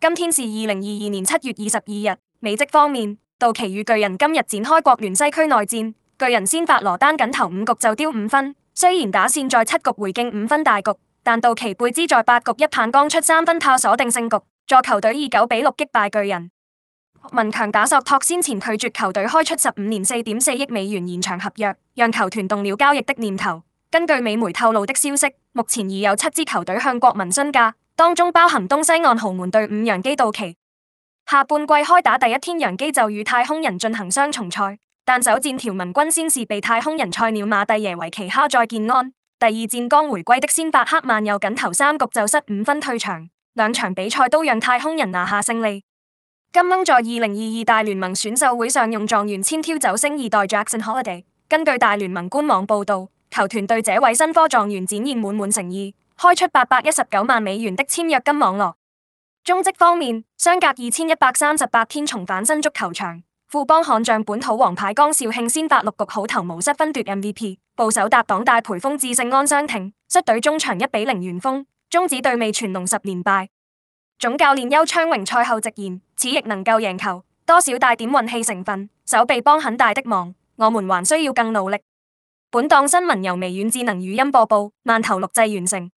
今天是二零二二年七月二十二日。美職方面，道奇與巨人今日展開國聯西區內戰。巨人先發羅單僅頭五局就丟五分，雖然打線在七局回敬五分大局，但道奇貝茲在八局一棒剛出三分，炮鎖定勝局，助球隊以九比六擊敗巨人。國民強打索托先前拒絕球隊開出十五年四點四億美元延長合約，讓球團動了交易的念頭。根據美媒透露的消息，目前已有七支球隊向國民詢價。當中包含東西岸豪門隊伍洋基道奇，下半季開打第一天，洋基就與太空人進行雙重賽，但首戰條文軍先是被太空人菜鳥馬蒂耶維奇敲再見安，第二戰剛回歸的先發克曼又僅投三局就失五分退場，兩場比賽都讓太空人拿下勝利。金鶯在二零二二大聯盟選秀會上用狀元簽挑走星二代 Jackson Holiday，根據大聯盟官網報道，球團對這位新科狀元展現滿滿誠意。開出八百一十九萬美元的簽約金網絡。中職方面，相隔二千一百三十八天重返新足球場，富邦悍將本土王牌江少慶先發六局好投無失分，奪 MVP。捕手搭檔戴培峰致勝安商挺，率隊中場一比零完封，終止對味全龍十連敗。總教練邱昌榮賽後直言：此役能夠贏球，多少帶點運氣成分，手臂幫很大的忙。我們還需要更努力。本檔新聞由微軟智能語音播報，慢頭錄製完成。